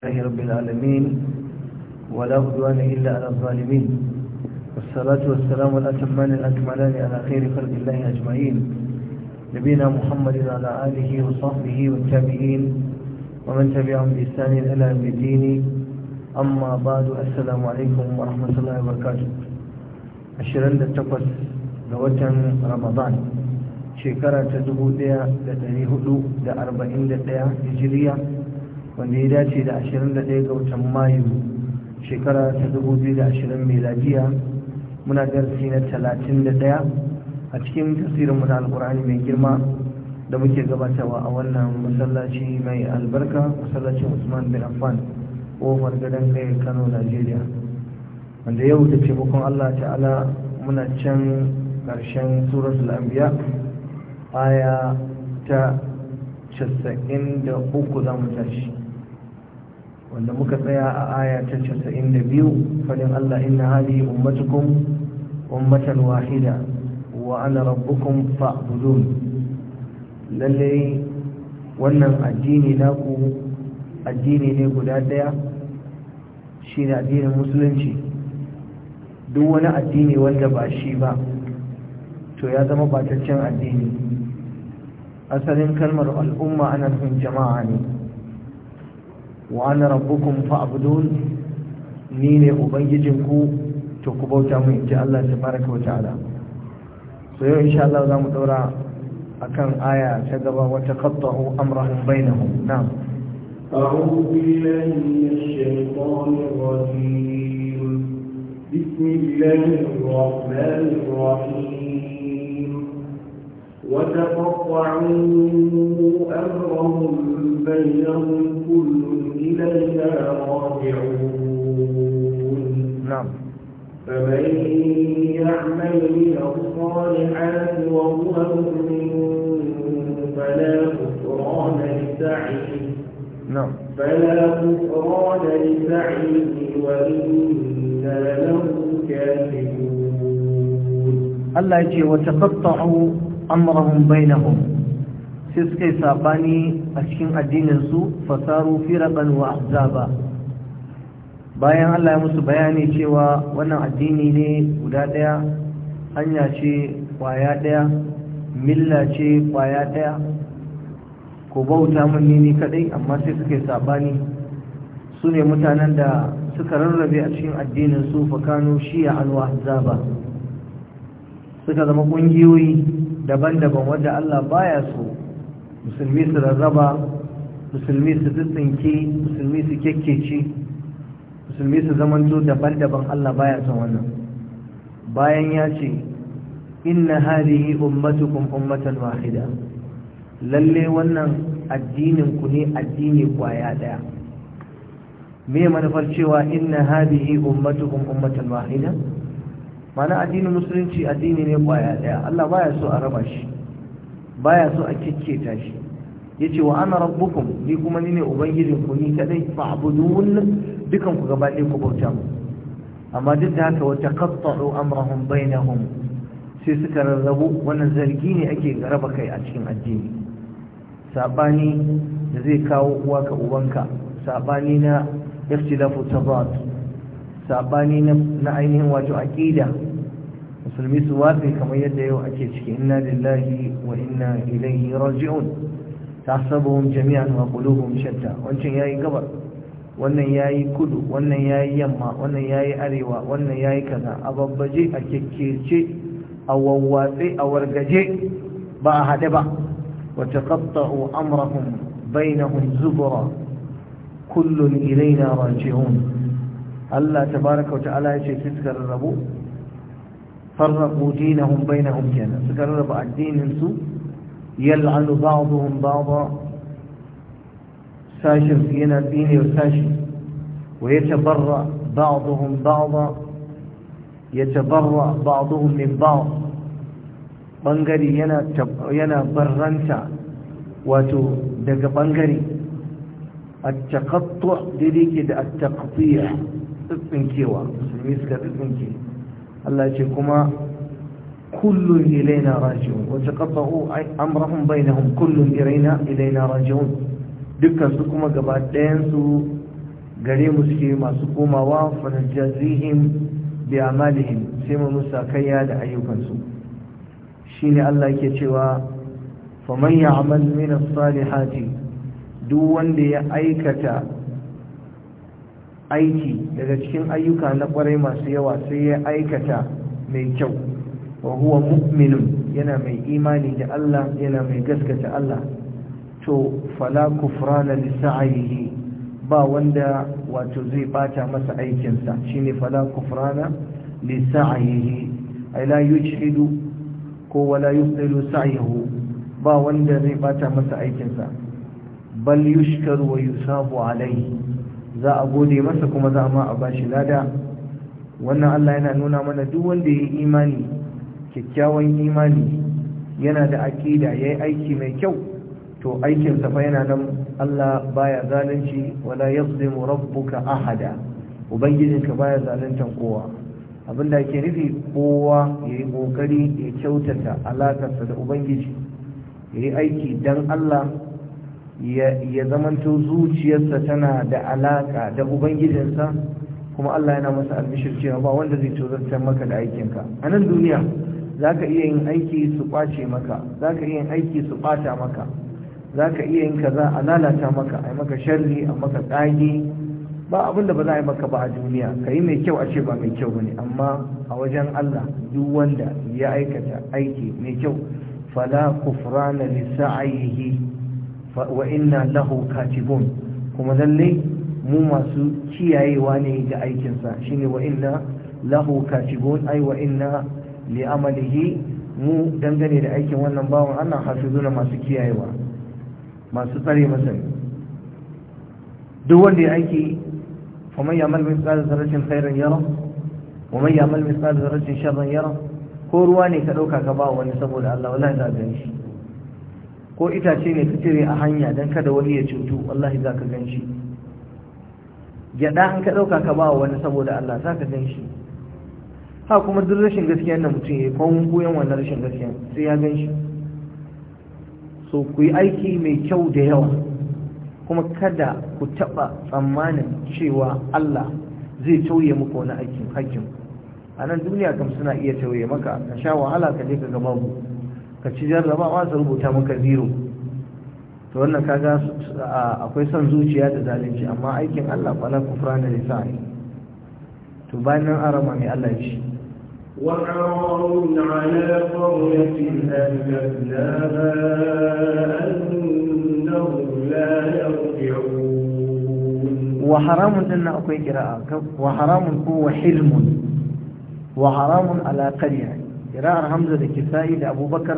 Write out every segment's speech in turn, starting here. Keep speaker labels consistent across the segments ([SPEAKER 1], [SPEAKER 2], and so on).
[SPEAKER 1] الله رب العالمين ولا عدوان إلا على الظالمين والصلاة والسلام الأتمان الأكملان على خير خلق الله أجمعين نبينا محمد على آله وصحبه والتابعين ومن تبعهم بإحسان إلى يوم الدين أما بعد السلام عليكم ورحمة الله وبركاته أشرن لتقص لوتن رمضان شكرا تدبو ديا لتريه دو دا أربعين دا هجرية wanda ya dace da 21 ga watan mayu shekara ta 2020 meladiya muna darasi na 31 a cikin tasirinmu na alkur'ani mai girma da muke gabatawa a wannan masallaci mai albarka masallacin usman bin affan kofar gadon kai kano nigeria wanda yau da taimakon allah ta'ala muna can karshen suratul anbiya aya ta 93 za mu tashi wanda muka tsaya a aya ta 92 faɗin Allah inna hadi ummatukum ummatan wahida wa ana rabbukum fa'budun lalle wannan addini naku addini ne guda daya shine addinin musulunci duk wani addini wanda ba shi ba to ya zama bataccen addini asalin kalmar al'umma ana nufin jama'a ne وانا ربكم فاعبدون نيني اوبنجيكو تكبوتا ان شاء الله تبارك وتعالى سيو ان شاء الله زامو دورا اكن ايه كذبا وتقطعوا امرهم بينهم نعم
[SPEAKER 2] أعوذ بالله من الشيطان الرجيم بسم الله الرحمن الرحيم وتقطعوا أمرهم بينهم نعم فمن يعمل فلا كفران لسعيه نعم فلا لسعيه وإنا له كافرون
[SPEAKER 1] الله يجي وتقطعوا أمرهم بينهم سيسكي ساقاني a cikin addininsu fasaru firaban wa ahzaba bayan Allah ya musu bayani cewa wannan addini ne guda daya hanya ce kwaya daya milla ce kwaya daya ko bauta mun ne ni kadai amma sai suke sabani su ne mutanen da suka rarrabe a cikin addinin su fakano shi'a wa ahzaba suka zama ƙungiyoyi daban-daban wanda Allah baya so musulmi su rarraba musulmi su tsintsinke musulmi su kyakkece musulmi su zamanto daban-daban Allah baya son wannan bayan ya ce inna hadihi ummatukum ummatan wahida lalle wannan addinin ku ne addini kwaya daya me manufar cewa inna hadihi ummatukum ummatan wahida mana addinin musulunci addini ne kwaya daya Allah baya so a raba shi baya so a kikketa shi yace wa ana rabbukum ni kuma ni ne ubangijin ku ni kadai fa'budun dukan ku gaba ɗaya ku bauta mu amma duk da haka wata taqatta'u amrahum bainahum sai suka rarrabu wannan zargi ne ake garaba kai a cikin addini sabani da zai kawo uwa ka ubanka sabani na iftilafu tabat sabani na ainihin wato aqida musulmi su watsi kamar yadda yau ake ciki inna lillahi wa inna ilaihi raji'un tahsabuhum jami'an wa qulubuhum shatta wancan yayi gabar wannan yayi kudu wannan yayi yamma wannan yayi arewa wannan yayi kaza a babbaje a kekkece a wawwatse a wargaje ba a haɗe ba wa taqatta'u amrahum bainahum zubra kullun ilaina raji'un Allah tabaraka wa ta'ala ya ce fiskar rarrabu فرقوا دينهم بينهم كان سكرب الدين انسو يلعن بعضهم بعضا ساشر فينا الدين وساشر ويتبرأ بعضهم بعضا يتبرأ بعضهم من بعض بنغري ينا, ينا برنتا واتو دق بنغري التقطع دليك التقطيع اتنكيوا مسلمي سكر اتنكيوا Allah ce kuma kullun ilaina raji'un wa taqattu amrahum bainahum kullun ilaina ilaina raji'un dukkan su kuma gaba ɗayan su gare mu suke masu komawa fa najazihim bi amalihim sai mu musa kayya da ayyukansu shine Allah yake cewa faman ya'mal min as-salihati duk wanda ya aikata aiki daga cikin ayyuka na kwarai masu yawa sai ya aikata mai kyau wa huwa mu'minun yana mai imani da Allah yana mai gaskata Allah to fala kufrana li sa'ihi ba wanda wato zai bata masa aikinsa shine fala kufrana li sa'ihi ay la yujhidu ko wala yubtilu sa'yihu ba wanda zai bata masa aikinsa bal yushkaru wa yusabu alayhi za a gode masa kuma za ma a shi lada wannan Allah yana nuna mana duk wanda ya yi imani kyakkyawan imani yana da aƙida ya yi aiki mai kyau to aikin fa yana nan Allah baya zalunci wala yazlimu rabbuka ahada ubangijinka baya zaluntan kowa abinda ke nufi kowa ya yi ƙoƙari ya kyautata alakarsa da ubangiji ya yi aiki don Allah ya zamanto zuciyarsa tana da alaka da ubangijinsa kuma Allah yana masa albishir cewa ba wanda zai tozartar maka da aikinka a nan duniya za ka iya yin aiki su kwace maka za ka iya yin aiki su ɓata maka za ka iya yin kaza a lalata maka a yi maka sharri a maka tsage ba abin da ba za a yi maka ba a duniya ka yi mai kyau a ce ba mai kyau ba ne amma a wajen Allah duk wanda ya aikata aiki mai kyau fala kufrana li sa'ayihi wa inna lahu katibun kuma lalle mu masu kiyayewa ne ga aikinsa shine wa inna lahu katibun ai wa inna li amalihi mu dangane da aikin wannan bawan Allah hafizuna masu kiyayewa masu tsare masa duk wanda ya aiki fa man ya'mal mithqala dharratin khairan yara wa man ya'mal mithqala dharratin sharran yara ko ruwa ne ka dauka ka ba wani saboda Allah wallahi za ka gani ko itace ne ka cire a hanya don kada wani ya cutu wallahi za ka gan shi gyada an ka ɗauka ka ba wa wani saboda Allah za ka gan shi ha kuma duk rashin gaskiya na mutum ya yi kwan goyon wannan rashin gaskiya sai ya gan shi so ku yi aiki mai kyau da yawa kuma kada ku taɓa tsammanin cewa Allah zai tauye muku wani aikin hakkin a nan duniya kam suna iya tauye maka ka sha wahala ka je ka ga babu ka ci jarrabawa su rubuta maka zero to wannan kaga akwai son zuciya da zalunci amma aikin Allah fala kufrana da sa'i to bayan nan arama mai Allah shi
[SPEAKER 2] وعارون على قرية أهلكناها أنهم لا يرجعون
[SPEAKER 1] وحرام لنا أقوي قراءة وحرام هو حلم وحرام على kira'ar hamza da kisa'i da abubakar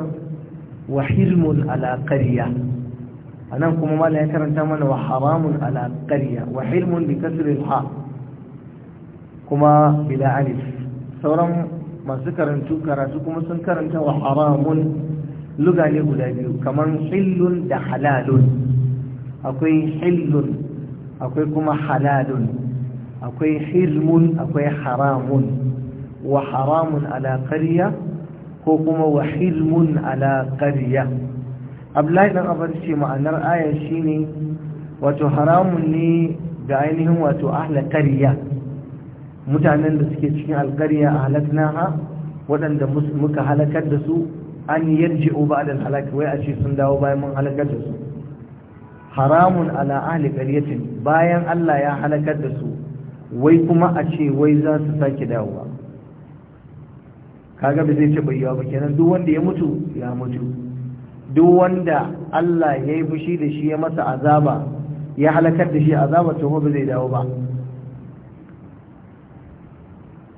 [SPEAKER 1] wa hilmun ala a nan kuma mala ya karanta mana wa haramun ala qarya wa hilmun bi kasri ha kuma bila alif sauran masu karantu karatu kuma sun karanta wa haramun luga ne guda biyu kamar hillun da halalun akwai hillun akwai kuma halalun akwai hilmun akwai haramun wa haramun ala qarya ko kuma wa hilmun ala ƙarya abdullahi dan abar ce ma'anar aya shine wato haramun ne ga ainihin wato ahla ƙarya mutanen da suke cikin alƙarya a halaknaha waɗanda muka halakar da su an ba da halak wai a ce sun dawo bayan mun halakar da su haramun ala ahli qaryatin bayan Allah ya halakar da su wai kuma a ce wai za su sake dawowa kaga ba zai ce bai yawa ba kenan duk wanda ya mutu ya mutu duk wanda Allah ya yi fushi da shi ya masa azaba ya halakar da shi azaba to ba zai dawo ba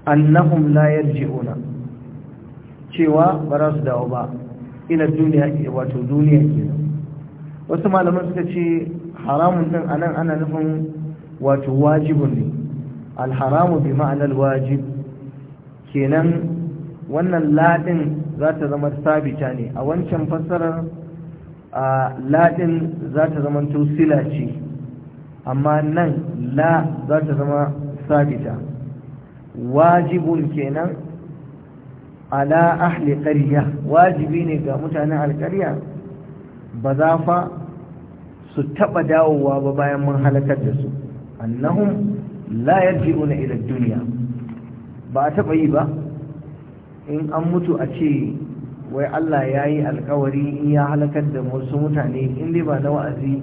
[SPEAKER 1] annahum la yarji'una cewa ba za su dawo ba ina duniya wato duniya ke wasu malaman suka ce haramun din anan ana nufin wato wajibun ne alharamu bi ma'anar wajib kenan wannan laɗin za ta zama sabita ne a wancan fassarar laɗin za ta zama sila ce amma nan la za ta zama sabita wajibun kenan ala ahli ƙarya wajibi ne ga mutanen alƙarya ba za fa su taɓa dawowa ba bayan mun halakar da su annahum la yarji'una ila duniya ba a taɓa yi ba in an mutu a ce wai Allah ya yi alkawari in ya halakar da wasu mutane in dai ba na wa'azi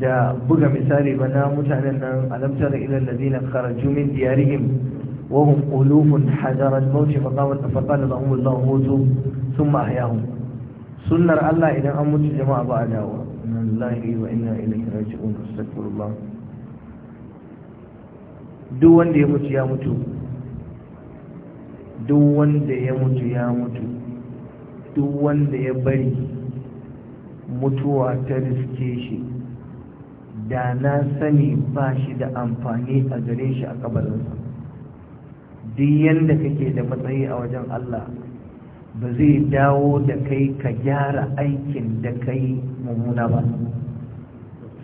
[SPEAKER 1] da buga misali ba na mutanen nan alamtar ilal ladina kharaju min diyarihim wa hum ulufun hadarat mawt fa qawat fa qala lahum Allah mutu thumma ahyahum sunnar Allah idan an mutu jama'a ba a dawo inna lillahi wa inna ilaihi raji'un astaghfirullah duk wanda ya mutu ya mutu duk wanda ya mutu ya mutu duk wanda ya bari mutuwa ta riske shi da na sani ba shi da amfani a gare shi a kabarinsa duk yadda kake da matsayi a wajen Allah ba zai dawo da kai ka gyara aikin da kai mummuna ba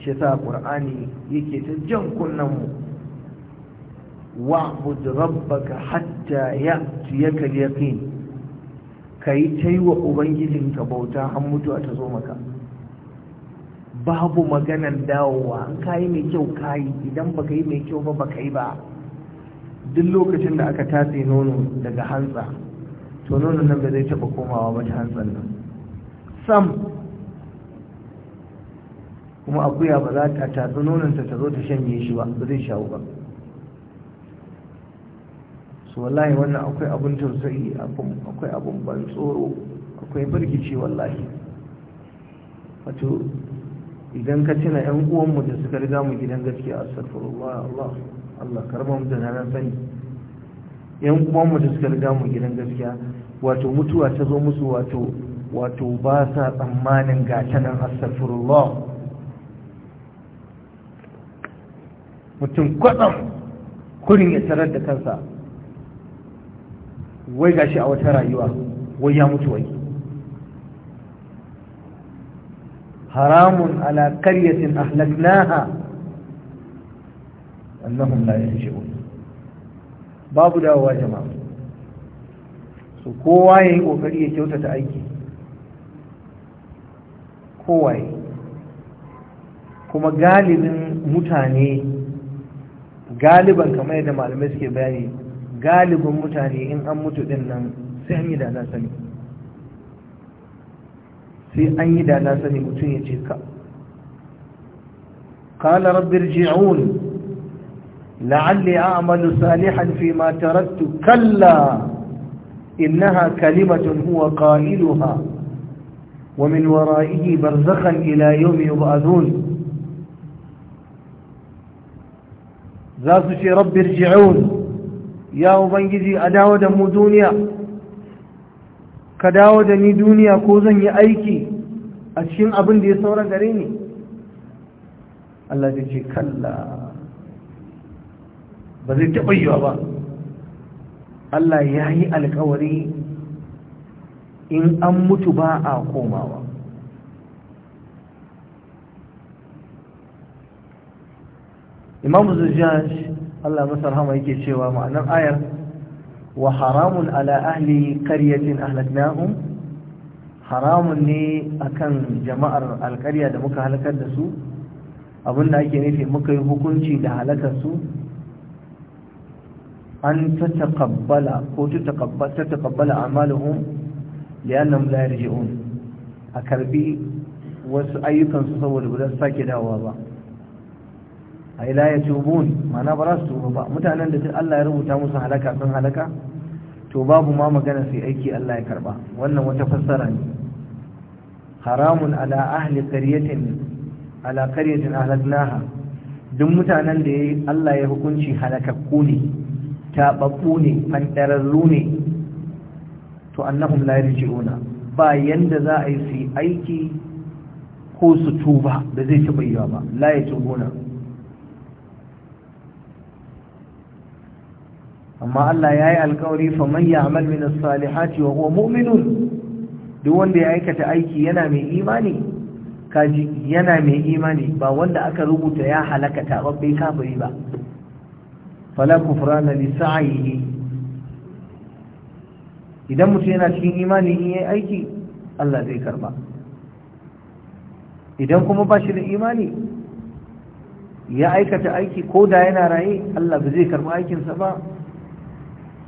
[SPEAKER 1] shi sa ƙur'ani yake ta jan kunnanmu wa'bud rabbaka hatta ya'tiyaka al-yaqin kai Ubangijin ka bauta an mutuwa ta zo maka babu maganan dawowa an kayi mai kyau kayi idan baka yi mai kyau ba baka yi ba duk lokacin da aka tatse nono daga hantsa to nono nan ba zai taba komawa ba ta hantsan nan sam kuma akuya ba za ta tatsi nononta ta zo ta shanye shi ba ba zai shawo ba su wallahi wannan akwai abin tausayi akwai abin ban tsoro akwai birgici wallahi wato idan ka cina yan uwanmu da suka riga mu gidan gaskiya astaghfirullah Allah Allah karba mu da nan sani yan uwanmu da suka riga mu gidan gaskiya wato mutuwa ta zo musu wato wato ba sa tsammanin gata nan astaghfirullah mutum kwatsam kurin ya tarar da kansa wai gashi a wata rayuwa wai ya mutu wai haramun ala karyatin ahlaknaha annahum la yarji'un babu dawowa jama'a so kowa yi kokari ya kyautata aiki kowa kuma galibin mutane galiban kamar yadda malamai suke bayani galibin mutane in an mutu din nan sai an yi da na sani sai an yi da na sani mutum ya ce ka قال رب ارجعون لعلي أعمل صالحا فيما تركت كلا إنها كلمة هو قائلها ومن ورائه برزخا إلى يوم يبعثون ذات شي رب ارجعون ya ubangiji a dawo da mu duniya ka dawo da ni duniya ko zan yi aiki a cikin abin da ya saura gare ni Allah ya ce kalla ba zai taɓa yi ba Allah ya yi alkawari in an mutu ba a komawa imamu zujjaj Allah masar Rahama yake cewa ma'anar ayar wa haramun ala ahli qaryatin ahlaknahum haramun ne akan jama'ar alƙarya da muka halakar da su abinda ake nufi muka yi hukunci da halakar su an tataqabbala ko tataqabbala amaluhum li'annahum la yarji'un a karbi wasu ayyukansu saboda ba sake dawowa ba ai la yatubun ma'ana ba za su tuba ba mutanen da duk Allah ya rubuta musu halaka sun halaka to babu ma magana sai aiki Allah ya karba wannan wata fassara ne haramun ala ahli qaryatin ala qaryatin ahlaknaha duk mutanen da yayi Allah ya hukunci ku ne tababbu ne fandararru ne to annahum la yarji'una ba yanda za a yi su aiki ko su tuba da zai taɓa yiwa ba la ya amma Allah ya yi alkawari fa man ya'mal min as-salihati wa huwa mu'minun duk wanda ya aikata aiki yana mai imani kaji yana mai imani ba wanda aka rubuta ya halaka tababbe kafiri ba fala kufrana li sa'ihi idan mutum yana cikin imani in yayi aiki Allah zai karba idan kuma ba shi da imani ya aikata aiki ko da yana raye Allah ba zai karba aikinsa ba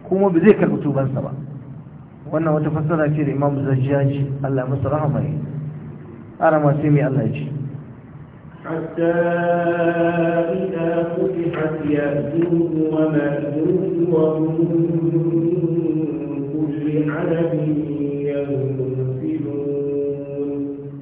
[SPEAKER 1] kuma ba zai karɓi tubansa ba wannan wata fassara ce da imam zajjaji Allah masa rahama ne ana ma sai mai Allah ya ce
[SPEAKER 2] حتى إذا فتحت يأجوج ومأجوج وهم كل عدد ينفر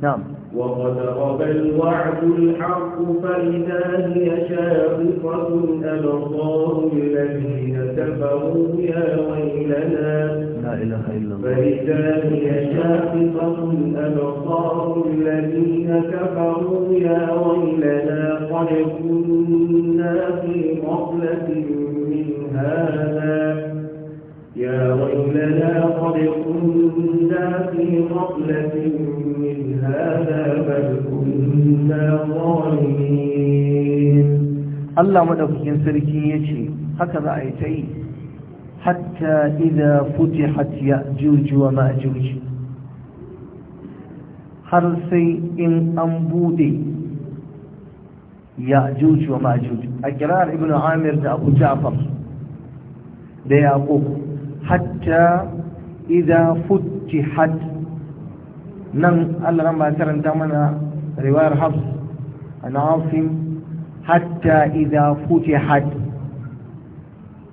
[SPEAKER 1] نعم وقد غبى الوعد
[SPEAKER 2] الحق فإذا هي شاخصة أبصار الذين كفروا يا ويلنا
[SPEAKER 1] لا إله إلا الله فإذا
[SPEAKER 2] هي شاخصة أبصار الذين كفروا يا ويلنا قد كنا في غفلة من هذا يا ويلنا قد كنا في غفلة من هذا بل
[SPEAKER 1] كنا ظالمين الله مدفقين سركين يجي هكذا آيتين حتى إذا فتحت يأجوج ومأجوج حرسي إن أنبودي يأجوج ومأجوج أجرار ابن عامر أبو جعفر ده يعقوب حتى إذا فتحت نن نعم، الله لما نعم، ترنت منا رواية حفص عن عاصم حتى إذا فتحت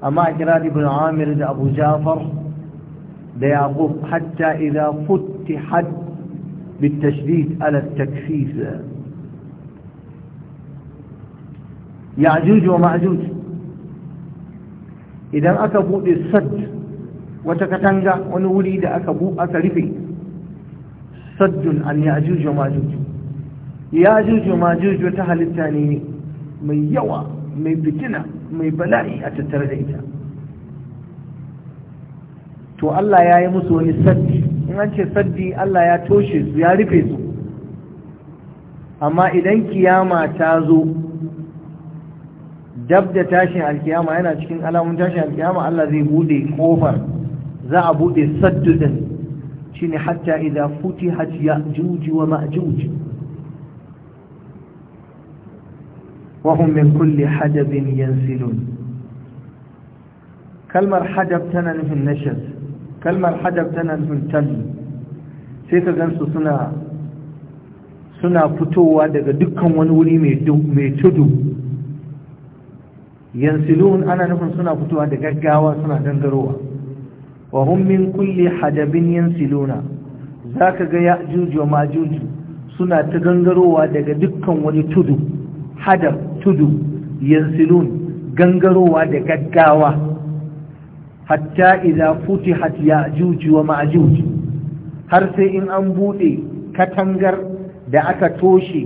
[SPEAKER 1] أما أجراد بن عامر أبو جعفر ليعقوب حتى إذا فتحت بالتشديد على التكفيف يعجوج ومعجوج إذا أكفوا للسد wata katanga wani wuri da aka bu aka rufe saddun an ya'juj wa ma'juj ya'juj wa ma'juj ta halitta ne mai yawa mai fitina mai bala'i a tattara da ita to Allah ya yi musu wani saddi in an ce saddi Allah ya toshe su ya rufe su amma idan kiyama ta zo dab da tashin alkiyama yana cikin alamun tashin alkiyama Allah zai bude kofar za a bude saddu ɗin shi ne hatta idan futi ya juji wa ma'ajuji wahun min kulle hadabin yansilun kalmar hadab tana nufin nashar kalmar hadab tana nufin talli sai ka gansu suna suna fitowa daga dukkan wani wuri mai tudu yansilun ana nufin suna fitowa da gaggawa suna dangarowa wa hum min kulli hadabin yansiluna zaka ga ya'juj wa ma'juj suna ta gangarowa daga dukkan wani tudu hadab tudu yansilun gangarowa da gaggawa hatta idza futihat ya'juj wa ma'juj har sai in an bude katangar da aka toshe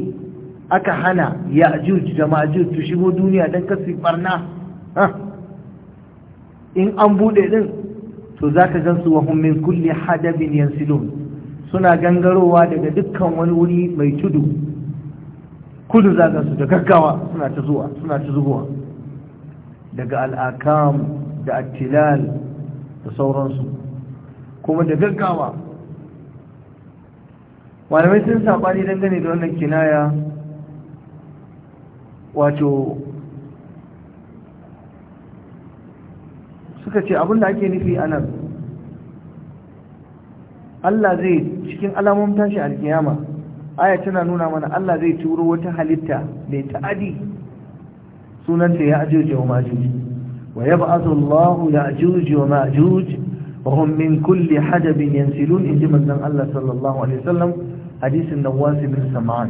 [SPEAKER 1] aka hana ya'juj da ma'juj shigo duniya dan kasu barna in an bude din to zaka gansu wa hum min kulli hadabin yansilun suna gangarowa daga dukkan wani wuri mai tudu kudu zaka su da gaggawa suna ta zuwa suna ta zuwa daga al'akam da attilal da sauransu kuma da gaggawa malamai sun saɓani dangane da wannan kinaya wato suka ce abin da ake nufi a nan Allah zai cikin alamun tashi alkiyama aya tana nuna mana Allah zai turo wata halitta mai ta'adi sunanta ya ajuji wa majuji wa yab'athu Allahu ya ajuji wa majuji wa hum min kulli hadabin yansilun inji manzon Allah sallallahu alaihi wasallam hadisin Nawas bin Sam'an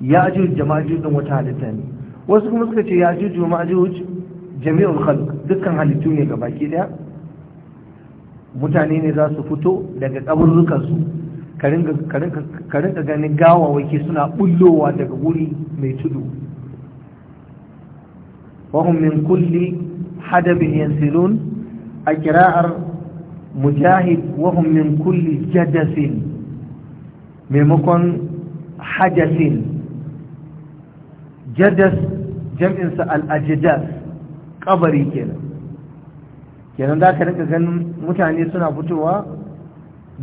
[SPEAKER 1] ya ajuji jama'a wata halitta ne wasu kuma suka ce ya ajuji wa majuji jami'ul khalq dukkan halittu ne ga baki daya mutane ne za su fito daga kaburrukansu ka rinka ganin gawawaki suna bullowa daga wuri mai tudu wahum min kulli hadabin yansilun a kira'ar mujahid wahum min kulli jadasin maimakon hajasin jadas jam'insa al'ajidas kabari kenan kenan za ka rika ganin mutane suna fitowa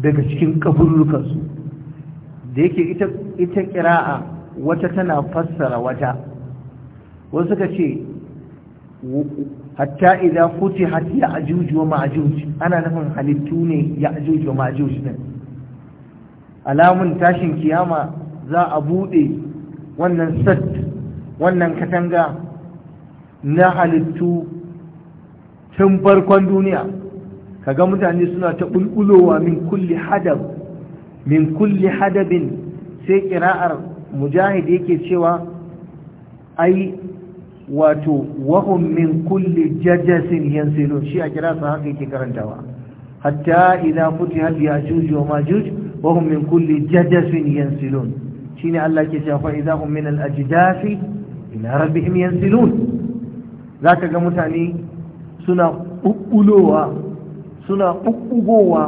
[SPEAKER 1] daga cikin kaburukansu da yake ita ita kira'a wata tana fassara wata wasu suka ce hatta idan futi hati ya ajuju wa ma'ajuji ana nufin halittu ne ya ajuju wa ma'ajuji ne alamun tashin kiyama za a buɗe wannan sat wannan katanga na halittu tun farkon duniya kaga mutane suna ta bulbulowa min kulli hadab min kulli hadabin sai kira'ar mujahid yake cewa ai wato wahum min kulli jajasin yansilun shi a kira sa haka yake karantawa hatta idza futihat yajuj wa majuj wahum min kulli jajasin yansilun shine Allah ke cewa fa idza hum min al-ajdafi ila rabbihim yansilun za ka ga mutane suna ɓuɓɓulowa suna ɓuɓɓugowa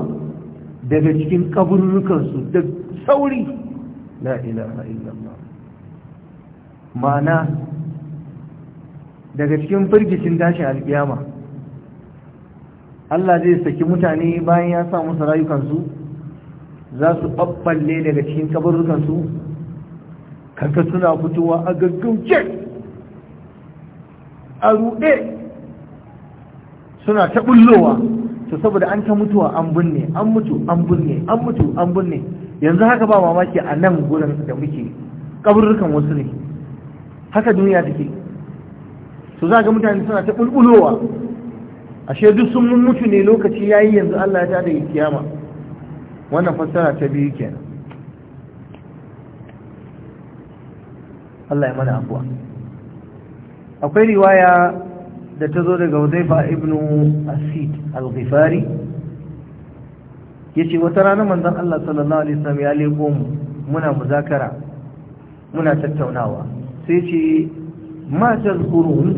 [SPEAKER 1] daga cikin kaburrukansu da sauri la ilaha illallah ma'ana daga cikin firgicin tashin alƙiyama Allah zai saki mutane bayan ya sa musu rayukansu za su ɓaɓɓalle daga cikin kaburrukansu kanka suna fitowa a gaggauce a ruɗe suna ta ɓullowa to saboda an ta mutuwa an binne an mutu an binne an mutu an binne yanzu haka ba mamaki a nan gurin da muke kaburrukan wasu ne haka duniya take to za ga mutane suna ta ɓulɓulowa ashe duk sun mun mutu ne lokaci yayi yanzu Allah ya ta da kiyama wannan fassara ta biyu kenan Allah ya mana afuwa akwai riwaya da ta zo daga Hudayfa ibn Asid al-Ghifari yace wata rana manzon Allah sallallahu alaihi wasallam ya leko mu muna muzakara muna tattaunawa sai ce ma tazkurun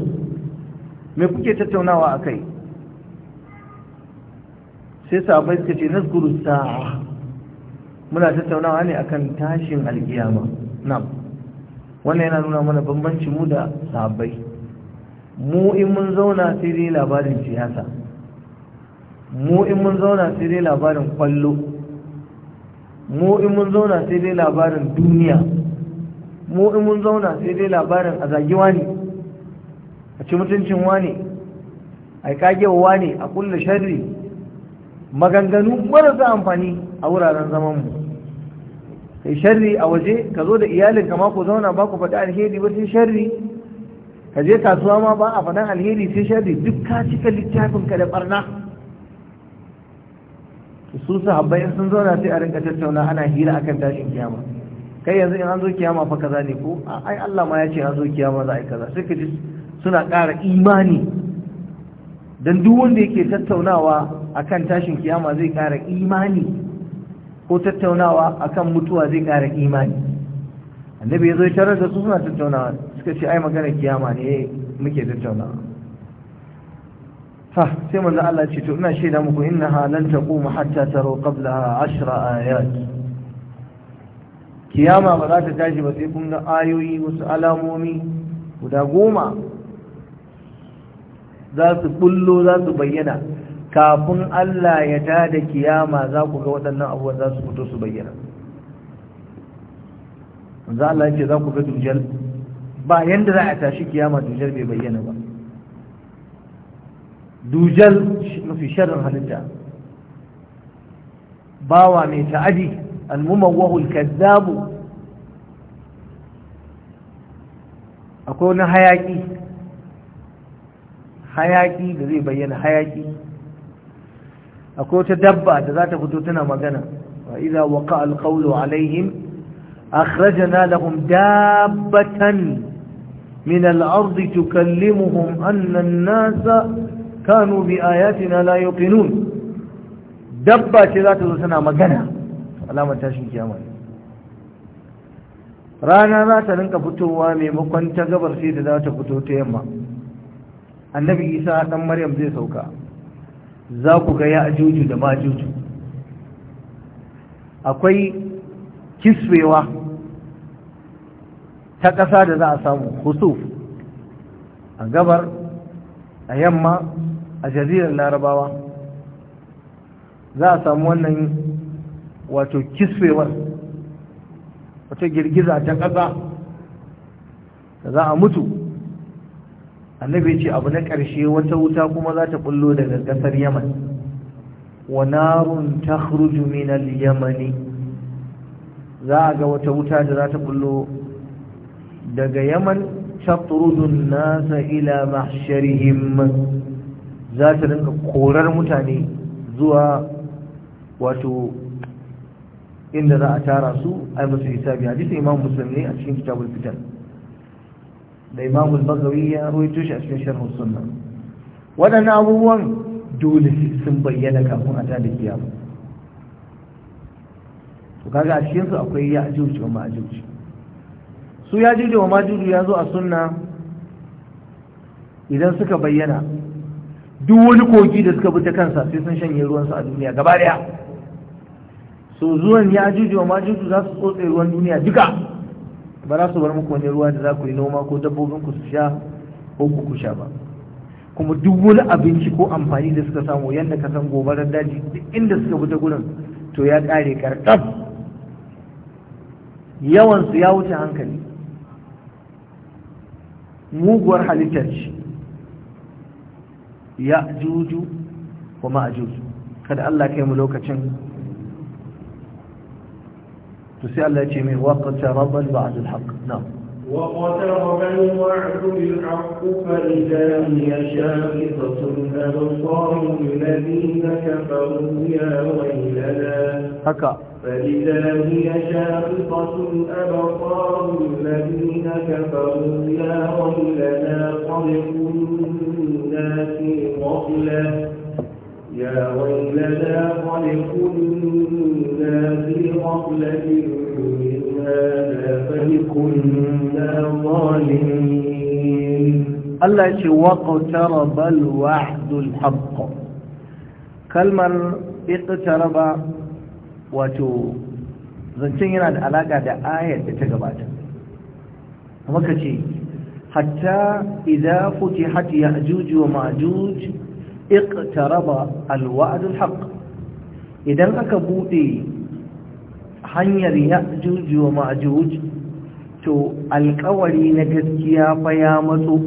[SPEAKER 1] me kuke tattaunawa akai sai sahabbai suka ce nazkuru sa'a muna tattaunawa ne akan tashin alkiyama na'am wannan yana nuna mana bambancin mu da sahabbai mu in mun zauna sai dai labarin siyasa mu in mun zauna sai dai labarin kwallo mu in mun zauna sai dai labarin duniya mu in mun zauna sai dai labarin a zagi wani a ci mutuncin wani a kagewa wani a kulle shari maganganu marasa amfani a wuraren zamanmu kai shari a waje ka zo da iyalinka ma ku zauna ba ku faɗi alheri ba sai shari ka je kasuwa ma ba a faɗan alheri sai shaɗi, duk ka cika littafin ka da barna su haɓɓa in sun zauna sai a rinka tattauna ana hira akan tashin kiyama kai yanzu in an zo kiyama fa kaza ne ko ai Allah ma ya ce an zo kiyama za a yi kaza sai ka ji suna ƙara imani dan duk wanda yake tattaunawa akan tashin kiyama zai ƙara imani ko tattaunawa akan mutuwa zai ƙara imani annabi ya zo ya tarar da su suna tattaunawa suka ce ai magana kiyama ne muke tattauna ha sai manzo Allah ce to ina shaida muku innaha lan taqum hatta taru qabla 10 ayat kiyama ba za ta tashi ba sai kun ga ayoyi wasu alamomi guda goma za su bullo za su bayyana kafin Allah ya da kiyama za ku ga waɗannan abubuwan za su fito su bayyana manzo Allah ya ce za ku ga dujal ba yanda za a tashi kiyama dujal bai bayyana ba dujal mafi sharrin halitta bawa mai ta'adi al-mumawwahul kazzabu akwai wani hayaki hayaki da zai bayyana hayaki akwai wata dabba da za ta fito tana magana wa waka waqa al-qawlu alaihim akhrajna lahum dabbatan من الارض تكلمهم ان الناس كانوا باياتنا لا يقنون دبا ذات سنه magana alama ta shi rana za ta rinka fitowa maimakon makon ta gabar sai da za ta fito ta yamma annabi isa dan maryam zai sauka za ku ga ajuju da majuju akwai kiswewa ta ƙasa da za a samu husuf a gabar a yamma a jazirar larabawa za a samu wannan wato kiswewar wata girgiza ta ƙasa da za a mutu annabi ce abu na ƙarshe wata wuta kuma za ta ɓullo daga ƙasar yaman wa narun ta min na yamani za a ga wata wuta da za ta ɓullo daga yaman shatrudun nasa ila mahsharihim za ta rinka korar mutane zuwa wato inda za a tara su ai musu hisabi hadisin imam muslim ne a cikin kitabul fitan da imam al-bagawi ya rawaito shi a cikin sharh sunna wadannan abubuwan dole sun bayyana kafin a tada kiyama to kaga a cikin su akwai ya ajuji ma ajuji su ya jirgin wa majudu ya zo a suna idan suka bayyana duk wani kogi da suka bi ta kansa sai sun shanye ruwansu a duniya gaba daya so zuwan ya jirgin wa majudu za su tsotse ruwan duniya duka ba za su bar muku wani ruwa da za ku yi noma ko dabbobin ku su sha ko ku ku sha ba kuma duk wani abinci ko amfani da suka samu yadda ka san gobarar daji duk inda suka bi ta gurin to ya kare karkab yawansu ya wuce hankali muguwar halittar shi ya juju wa ma'ajuju kada Allah kai mu lokacin to sai Allah ya ce mai waqta rabbal ba'd al-haq na'am
[SPEAKER 2] وقترب الوعد بالحق فإذا هي شاخصة أبصار الذين كفروا يا ويلنا هكا فإذا هي شاخصة أبصار الذين كفروا يا ويلنا قد كنا في غفلة يا ويلنا قد كنا في غفلة
[SPEAKER 1] من هذا فلكنا ظالمين الله يقول واقترب الوعد الحق كلمة اقترب wato zancen yana da alaƙa da ayar da ta gabata kuma ce, hatta idza ya ya'juj wa ma'juj iqtaraba alwa'd alhaq idan aka bude hanyar ya'juj wa ma'juj to alƙawari na gaskiya fa ya matso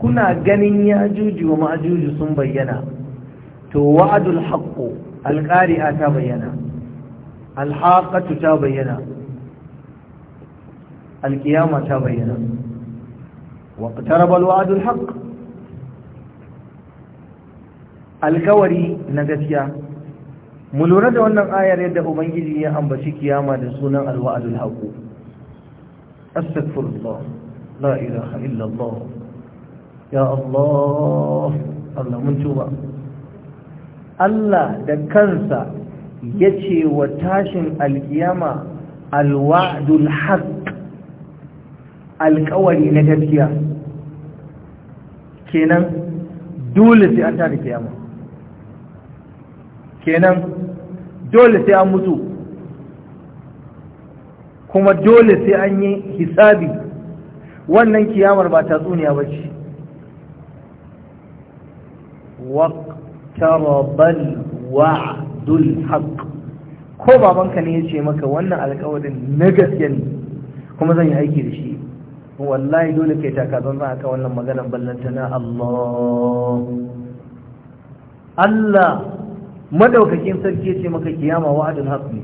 [SPEAKER 1] kuna ganin ya'juj wa ma'juj sun bayyana to wa'adul haqqu alqari'a ta bayyana alhaqatu ta bayyana alqiyama ta bayyana waqtaraba alwa'dul haqq alkawari na gaskiya mu lura da wannan ayar yadda ubangiji ya ambaci kiyama da sunan alwa'dul haqq astaghfirullah la ilaha illa allah ya allah Allah mun tuba Allah da kansa ya ce wa tashin alkiyama alwa'dul haqq alkawari na gaskiya kenan dole sai an tada kiyama kenan dole sai an mutu kuma dole sai an yi hisabi wannan kiyamar ba tatsuniya ba ce iqtarabal wa'dul haqq ko babanka ne ya ce maka wannan alƙawarin na gaske ne kuma zan yi aiki da shi wallahi dole kai taka za ka wannan maganar ballanta na Allah Allah madaukakin sarki ya ce maka kiyama wa'dul haqq ne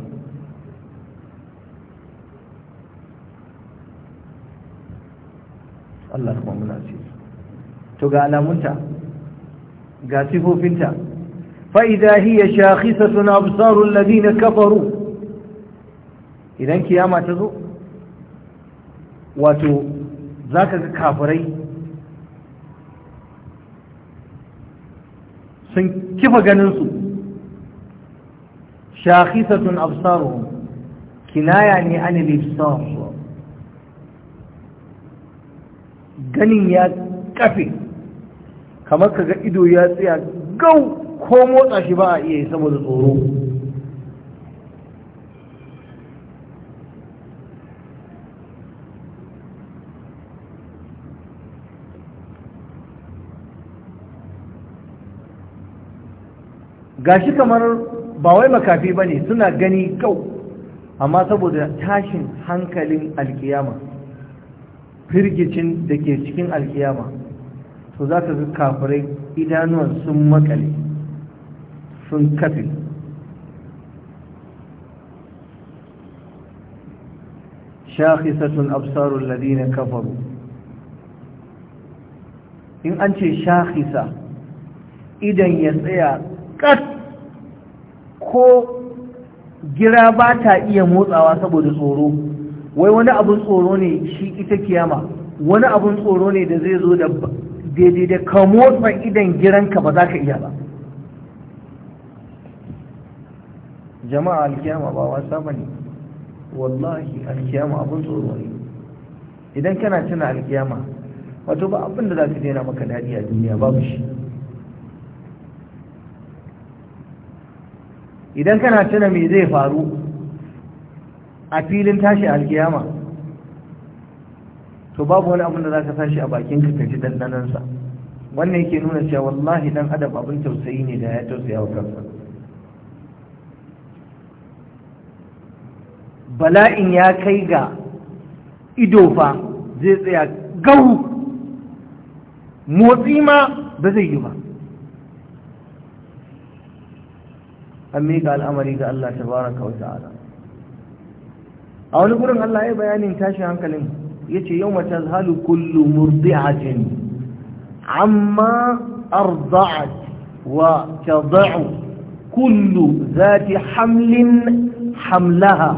[SPEAKER 1] Allah kuma muna ce to ga alamunta ga sifofinta fa idha hiya shakhisatun absar alladhina kafaru idan kiyama ta zo wato zaka ga kafirai sun kifa ganin su shakhisatun absaruhum kinaya ne an libsar ganin ya kafe kamar ka ga ido ya tsaya gau ko motsa shi ba a iya yi saboda tsoro gashi kamar ba wai makafi ba ne suna gani kau amma saboda tashin hankalin alkiyama firgicin da ke cikin alkiyama to za ka ga kafirai idanuwan sun makale sun kafe shakisatun absarun ladina kafaru in an ce shakisa idan ya tsaya kat ko gira ba ta iya motsawa saboda tsoro wai wani abun tsoro ne shi ita kiyama wani abun tsoro ne da zai zo da daidai da ka motsa idan giranka ba za ka iya ba jama'a alkiyama ba wasa ba ne wallahi alkiyama abin tsoro ne idan kana tuna alkiyama wato ba abin da za ka daina maka daɗi a duniya babu shi idan kana tuna me zai faru a filin tashi alkiyama to babu wani abin da za ka sashi a bakin ka kaji dandanansa wannan yake nuna cewa wallahi dan adam abin tausayi ne da ya tausaya wa kansa bala'in ya kai ga ido fa zai tsaya gau motsi ma ba zai yi ba an miƙa al'amari ga Allah ta baraka wa ta'ala a wani gurin Allah ya bayanin tashin hankalin يتي يوم تذهل كل مرضعة عما أرضعت وتضع كل ذات حمل حملها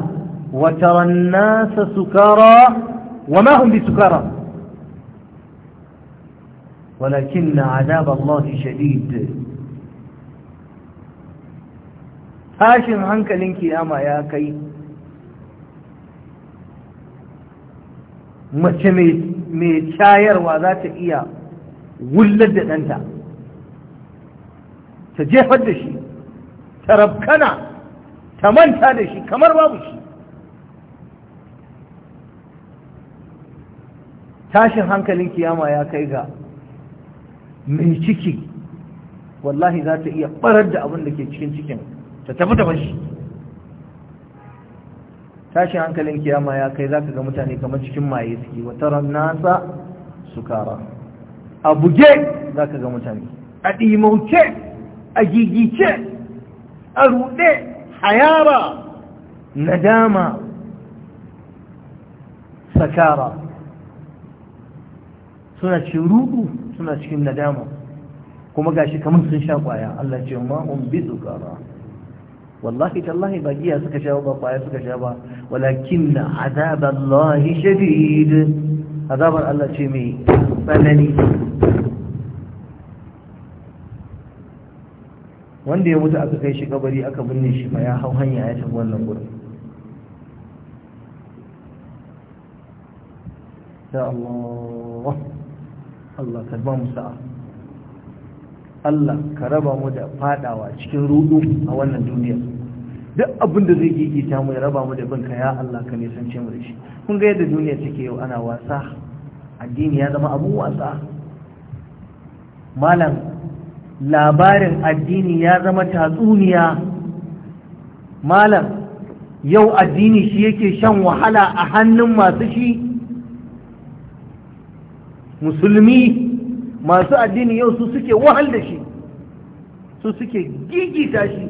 [SPEAKER 1] وترى الناس سكارى وما هم بسكارى ولكن عذاب الله شديد هاشم عنك لنكي أما يا كي mace mai cayarwa za ta iya wullar da ɗanta ta jefar da shi ta rabkana ta manta da shi kamar babu shi tashin hankalin kiyama ya kai ga mai ciki wallahi za ta iya barar da abin da ke cikin cikin ta tafi da shi tashin hankalin kiyama ya kai zaka ga mutane kamar cikin maye suke wa nasa sukara a buge zaka ga mutane a dimauce a gigice a rude hayara nadama sakara suna cikin ruɗu, suna cikin nadama kuma gashi kamar sun sha kwaya Allah ce ma bi sukara wallahi tallahi ba giya suka sha ba kwaya suka sha ba walakin azaballahi shadid azabar Allah ce mai tsanani wanda ya mutu aka kai shi kabari aka binne shi ba ya hau hanya ya tafi wannan gurin ya Allah Allah Allah ka raba mu da fadawa cikin ruɗu a wannan duniya duk abin da zai ta mu ya raba mu da binka ya Allah ka nisance mu da shi kun ga yadda duniya take yau ana wasa addini ya zama abun wasa malam labarin addini ya zama tatsuniya malam yau addini shi yake shan wahala a hannun masu shi musulmi masu addini yau su suke wahal da shi su suke gigita shi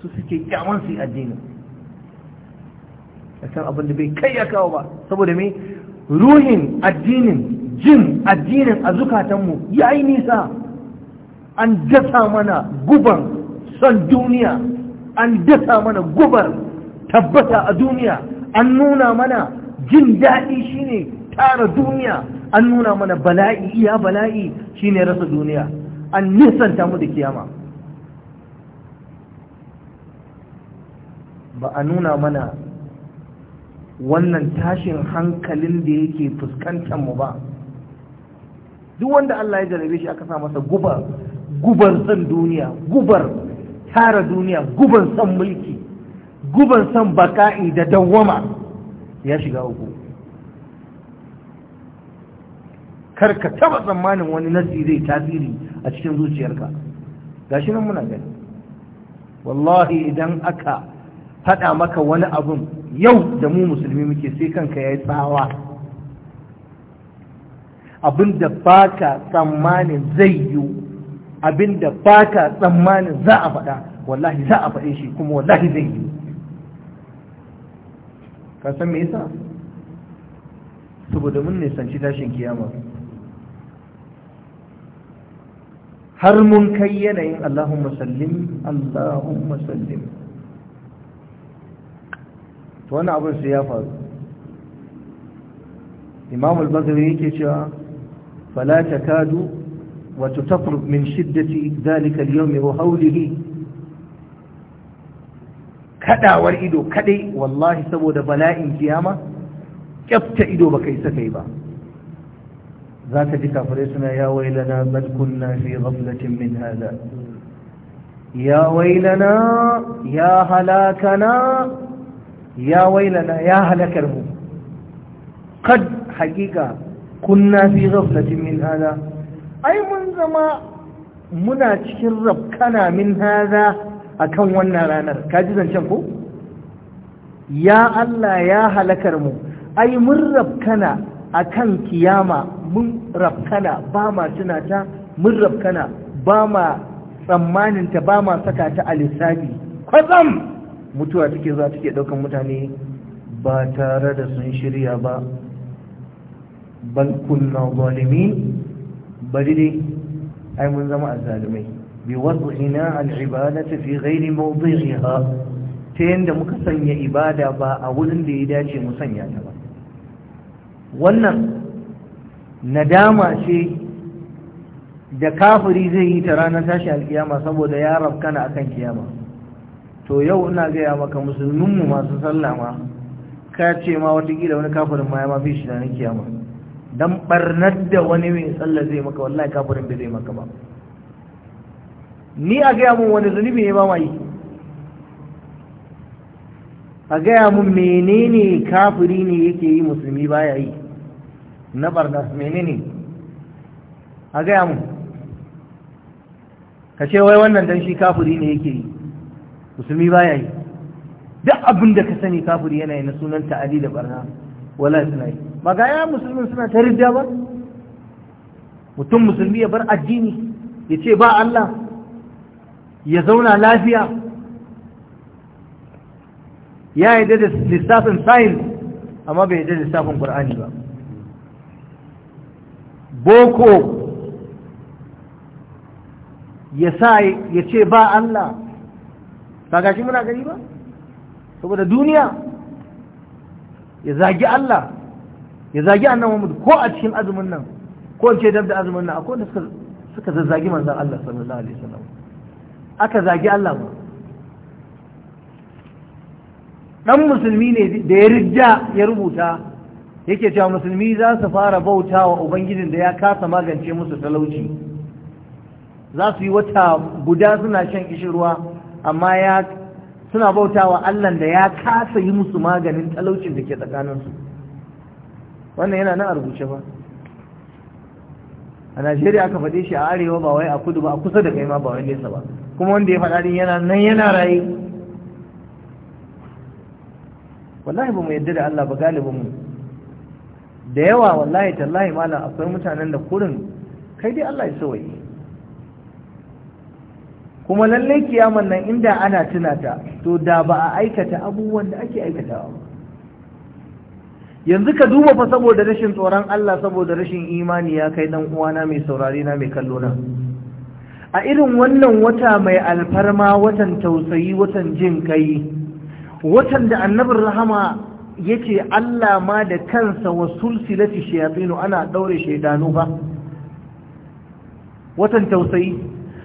[SPEAKER 1] su suke kyaman su addini akan abin da bai kai ya kawo ba saboda mai ruhin addinin jin addinin a zukatanmu ya yi nisa an dasa mana guban son duniya an dasa mana gubar tabbata a duniya an nuna mana jin daɗi shine tara duniya an nuna mana bala'i iya bala'i shine rasa duniya an nisanta mu da kiyama ba a nuna mana wannan tashin hankalin da yake fuskantar mu ba duk wanda Allah ya jarabe shi aka sa masa gubar gubar san duniya gubar tara duniya gubar san mulki gubar san baka'i da dawwama ya shiga uku kar ka taba tsammanin wani nasi zai tasiri a cikin zuciyarka gashi nan muna gani wallahi idan aka faɗa maka wani abun yau da mu musulmi muke sai kanka ya yi tsawa abinda ba ka tsammanin zai yi abinda ba ka tsammanin za a faɗa wallahi za a faɗe shi kuma wallahi zai yi ka san me yasa saboda mun nisanci tashin kiyama har mun kai yanayin Allahumma sallim Allahumma sallim to wannan abin sai ya faru Imam al-Bukhari yake cewa fala takadu wa tutafruq min shiddati dhalika al-yawm wa hawlihi kadawar ido kadai wallahi saboda bala'in kiyama kyafta ido baka isa sakai ba za ta ji kafirai suna ya wailana bal kunna fi min hada ya wailana ya halakana ya wailana ya halakar mu kad haƙiƙa kunna min hada ai mun zama muna cikin rabkana min hada akan wannan ranar ka ji zancen ko ya Allah ya halakarmu, ai mun rabkana akan kiyama mun rabkana, ba ma tunata mun rabkana, ba ma tsammaninta ba ma saka ta a lissafi kwatsam mutuwa take za take ɗaukan mutane ba tare da sun shirya ba bal kunna zalimi bari dai ai mun zama azzalimai bi wad'ina al fi ghairi mawdi'iha ta yadda muka sanya ibada ba a wurin da ya dace mu sanya ta ba wannan nadama ce da kafiri zai yi ta ranar tashi alkiyama saboda ya rafkana akan kiyama to yau ina gaya maka musulminmu masu sallah ma ka ce ma watakila wani kafirin ma ya mafi shi ranar kiyama don barnar da wani mai sallah zai maka wallahi kafirin bai zai maka ba ni a gaya mun wani zunubi ne ba mai. a gaya mun menene kafiri ne yake yi musulmi baya yi na barnas menene a gaya mu ka ce wai wannan dan shi kafuri ne yake yi musulmi baya yi duk abin da ka sani kafuri yana yi na sunan ta'adi da barna wala suna yi ba ga musulmin suna ta rida ba mutum musulmi ya bar addini ya ce ba Allah ya zauna lafiya ya yi da lissafin science amma bai yi da lissafin ƙur'ani ba boko ya sa ya ce ba Allah ba gashi muna gari ba saboda duniya ya zagi Allah ya zagi annabi Muhammad ko a cikin azumin nan ko in ce dab da azumin nan akwai wanda suka zazzagi manzan Allah sallallahu alaihi wasallam aka zagi Allah ba dan musulmi ne da ya rija ya rubuta yake cewa musulmi za su fara bauta wa ubangijin da ya kasa magance musu talauci za su yi wata guda suna shan kishirwa amma ya suna bauta wa allan da ya kasa yi musu maganin talaucin da ke tsakaninsu wannan yana na rubuce ba a najeriya aka faɗe shi a arewa ba wai a kudu ba a kusa da kaima ba wai nesa ba kuma wanda ya faɗa din yana nan yana raye wallahi ba mu yadda da allah ba galibin mu da yawa wallahi tallahi malam akwai mutanen da kurin kai dai Allah ya soye kuma lalle kiyaman nan inda ana tunata to da ba a aikata abubuwan da ake aikatawa ba yanzu ka duba fa saboda rashin tsoron Allah saboda rashin imani ya kai dan uwana mai saurari na mai kallo na a irin wannan wata mai alfarma watan tausayi watan jin kai watan da annabin rahama yace Allah ma da kansa wa sulsilati shayatinu ana daure shaydanu ba watan tausayi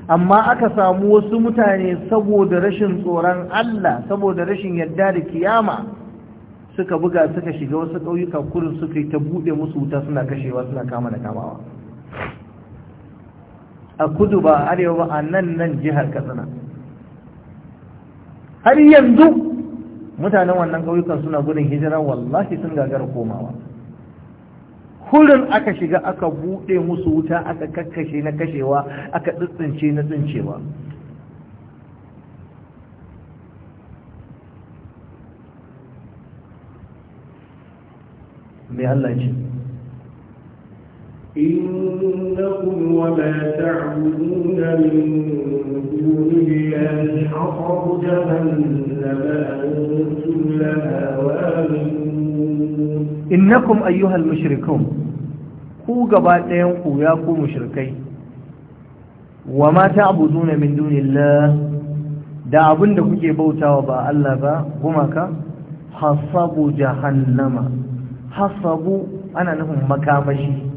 [SPEAKER 1] amma aka samu wasu mutane saboda rashin tsoron Allah saboda rashin yadda da kiyama suka buga suka shiga wasu ƙauyuka kurin suka ta buɗe musu wuta suna kashewa suna kama da kamawa a kudu ba arewa ba a nan nan jihar katsina har yanzu mutanen wannan ƙauyukan suna gudun hijira wallahi sun gagara komawa Kullum aka shiga aka buɗe musu wuta aka kakkashe na kashewa aka tsintsince na tsincewa mai Allah ce إنكم
[SPEAKER 2] وما تعبدون من دون الله حصب جهنم أنتم لها وآمنون
[SPEAKER 1] إنكم أيها المشركون ku gaba ɗayan ku ya ku mushrikai wa ma ta'buduna min dunillah da abinda kuke bautawa ba Allah ba gumaka hasabu jahannama hasabu ana nufin makamashi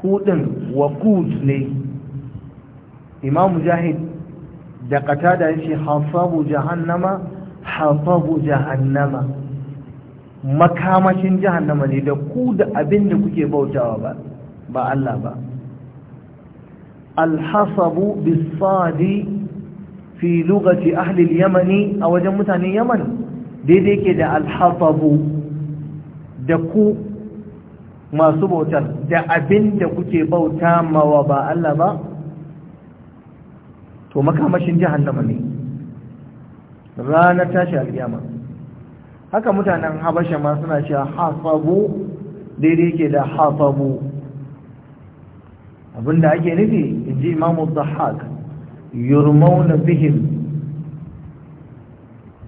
[SPEAKER 1] kudin wakud ne imam mujahid da qatada yace hafabu jahannama hafabu jahannama makamashin jahannama ne da ku da abinda kuke bautawa ba ba Allah ba alhasabu bisadi fi lugati ahli al-yamani a wajen mutanen yaman daidai ke da alhasabu da ku masu bautar da abin da kuke bauta mawa ba Allah ba to makamashin jahannama ne ranar tashi alkiyama haka mutanen habasha ma suna cewa hasabu daidai yake da hasabu abinda ake nufi ji imamu dhahak yurmauna bihim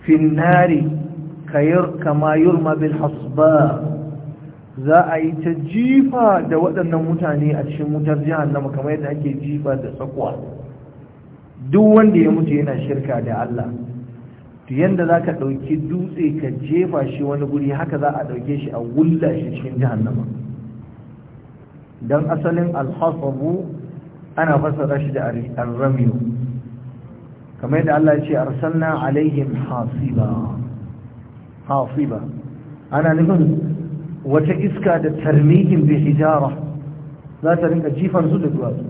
[SPEAKER 1] fi kayar kama yurma bil hasba za a yi ta jifa da waɗannan mutane a cikin wutar jihannama kamar yadda ake jifa da tsakwa duk wanda ya mutu yana shirka da Allah to yanda za ka ɗauki dutse ka jefa shi wani guri haka za a ɗauke shi a wulla shi cikin jihannama don asalin alhassabu ana fassara shi da arramiyu kamar yadda Allah ya ce arsalna alaihim hasiba hasiba ana nufin wata iska da tarmihin bi hijara za ta rinka jifar su da duwatsu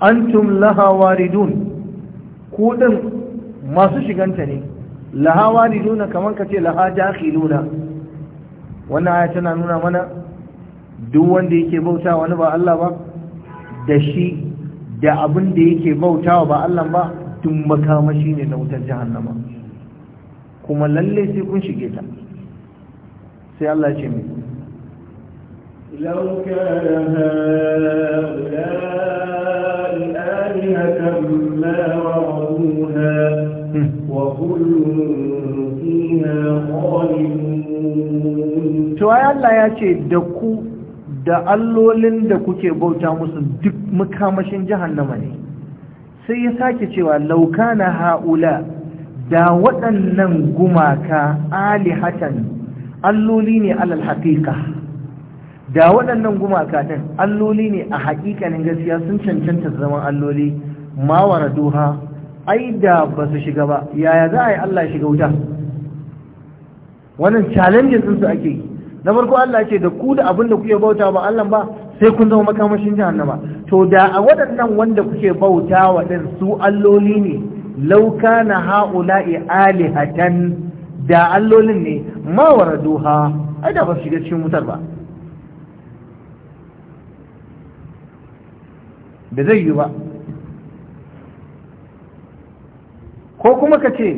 [SPEAKER 1] antum laha waridun ku din masu shiganta ne laha wariduna kamar ka ce laha dakhiluna wannan aya tana nuna mana duk wanda yake bauta wani ba Allah ba da shi da abin da yake bauta ba Allah ba tun makamashi ne na wutar jahannama kuma lalle sai kun shige ta sai Allah ce mai لو da hmm. Allah ya ce da ku da allolin da kuke bauta musu duk makamashin jahannama ne sai ya sake cewa na ha'ula da waɗannan gumaka alihatan alloli ne alal haƙiƙa da waɗannan gumaka ɗin alloli ne a haƙiƙanin gaskiya sun cancanta zaman alloli ma waraduha ai da ba su shiga ba yaya za a yi Allah shiga wuta wannan challenges ɗinsu ake yi na farko Allah ce da ku da abin da kuke bauta ba Allah ba sai kun zama makamashin jahannama to da a waɗannan wanda kuke bauta wa ɗin su alloli ne lauka na ha'ula'i alihatan da allolin ne ma duha, ai da ba su shiga cikin wutar ba da zai yi ba ko kuma ka ce